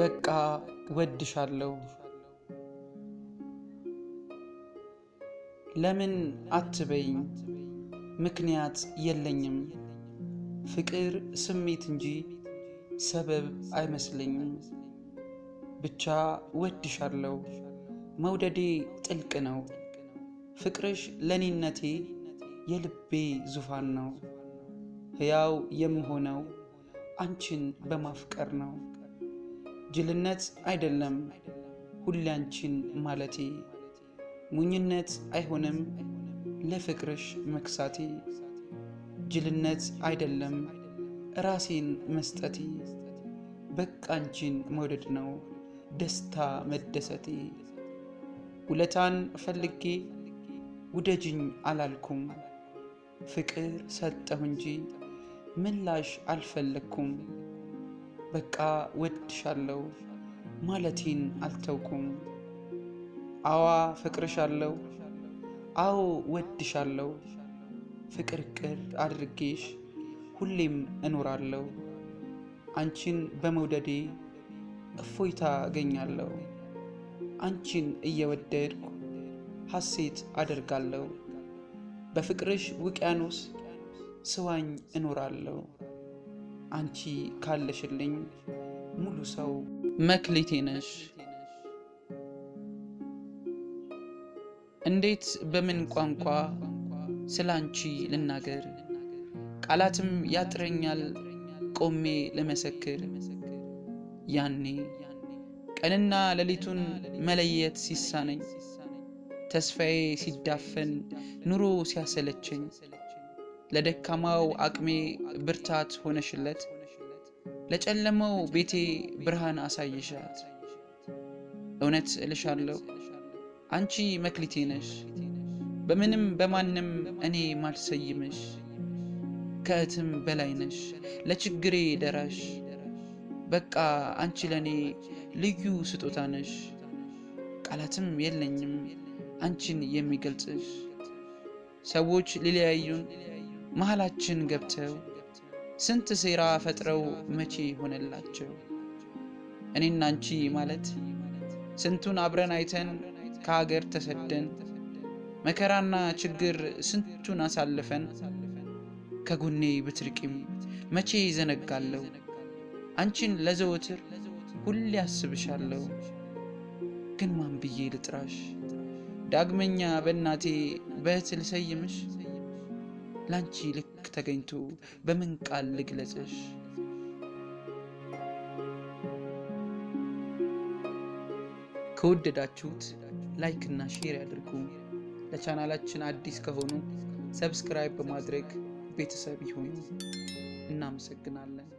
በቃ ወድሻለሁ። ለምን አትበይኝ፣ ምክንያት የለኝም። ፍቅር ስሜት እንጂ ሰበብ አይመስለኝም። ብቻ ወድሻለሁ። መውደዴ ጥልቅ ነው። ፍቅርሽ ለኔነቴ የልቤ ዙፋን ነው። ሕያው የምሆነው አንቺን በማፍቀር ነው። ጅልነት አይደለም ሁላንቺን ማለቴ፣ ሙኝነት አይሆንም ለፍቅርሽ መክሳቴ። ጅልነት አይደለም ራሴን መስጠቴ፣ በቃንቺን መውደድ ነው ደስታ መደሰቴ። ውለታን ፈልጌ ውደጅኝ አላልኩም፣ ፍቅር ሰጠሁ እንጂ ምላሽ አልፈለግኩም። በቃ ወድሻለሁ ማለቴን አልተውኩም። አዋ ፍቅርሻለሁ፣ አዎ ወድሻለሁ፣ ፍቅር ቅር አድርጌሽ ሁሌም እኖራለሁ። አንቺን በመውደዴ እፎይታ አገኛለሁ። አንቺን እየወደድኩ ሐሴት አደርጋለሁ። በፍቅርሽ ውቅያኖስ ስዋኝ እኖራለሁ። አንቺ ካለሽልኝ ሙሉ ሰው መክሊቴ ነሽ። እንዴት በምን ቋንቋ ስለ አንቺ ልናገር? ቃላትም ያጥረኛል ቆሜ ለመሰክር። ያኔ ቀንና ሌሊቱን መለየት ሲሳነኝ፣ ተስፋዬ ሲዳፈን፣ ኑሮ ሲያሰለቸኝ ለደካማው አቅሜ ብርታት ሆነሽለት፣ ለጨለመው ቤቴ ብርሃን አሳይሻት። እውነት እልሻለሁ አንቺ መክሊቴ ነሽ፣ በምንም በማንም እኔ ማልሰይምሽ። ከእትም በላይ ነሽ፣ ለችግሬ ደራሽ። በቃ አንቺ ለእኔ ልዩ ስጦታ ነሽ፣ ቃላትም የለኝም አንቺን የሚገልጽሽ ሰዎች ሊለያዩን መሃላችን ገብተው ስንት ሴራ ፈጥረው መቼ ሆነላቸው? እኔና አንቺ ማለት ስንቱን አብረን አይተን ከሀገር ተሰደን መከራና ችግር ስንቱን አሳልፈን ከጎኔ ብትርቂም መቼ ይዘነጋለሁ? አንቺን ለዘወትር ሁሌ አስብሻለሁ። ግን ማን ብዬ ልጥራሽ? ዳግመኛ በእናቴ በእህት ልሰይምሽ? ለአንቺ ልክ ተገኝቶ በምን ቃል ልግለጽሽ? ከወደዳችሁት ላይክ እና ሼር ያድርጉ። ለቻናላችን አዲስ ከሆኑ ሰብስክራይብ በማድረግ ቤተሰብ ይሁኑ። እናመሰግናለን።